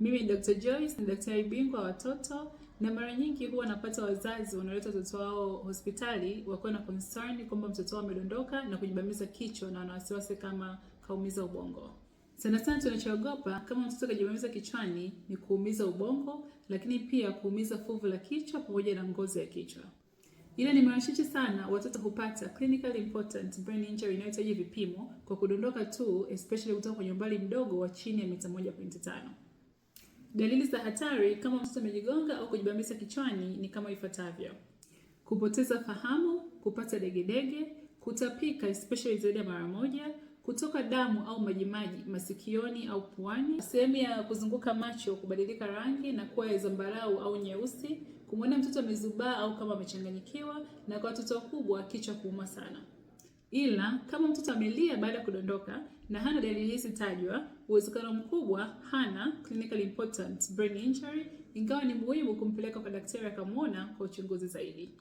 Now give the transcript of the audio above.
Mimi ni Dr. Joyce, ni daktari bingwa watoto, na mara nyingi huwa napata wazazi wanaleta watoto wao hospitali wakiwa na concern kwamba mtoto wao amedondoka na kujibamiza kichwa na wanawasiwasi kama kaumiza ubongo. Sana sana tunachoogopa kama mtoto kajibamiza kichwani ni kuumiza ubongo, lakini pia kuumiza fuvu la kichwa pamoja na ngozi ya kichwa. Ila ni mara chache sana watoto hupata clinically important brain injury inayohitaji vipimo kwa kudondoka tu, especially kutoka kwenye umbali mdogo wa chini ya mita 1.5. Dalili za hatari kama mtoto amejigonga au kujibambisa kichwani ni kama ifuatavyo: kupoteza fahamu, kupata degedege, kutapika especially zaidi ya mara moja, kutoka damu au majimaji masikioni au puani, sehemu ya kuzunguka macho kubadilika rangi na kuwa ya zambarau au nyeusi, kumwona mtoto amezubaa au kama amechanganyikiwa, na kwa watoto wakubwa kichwa kuuma sana. Ila kama mtoto amelia baada ya kudondoka na hana dalili hizi tajwa, uwezekano mkubwa hana clinically important brain injury, ingawa ni muhimu kumpeleka kwa daktari akamwona kwa uchunguzi zaidi.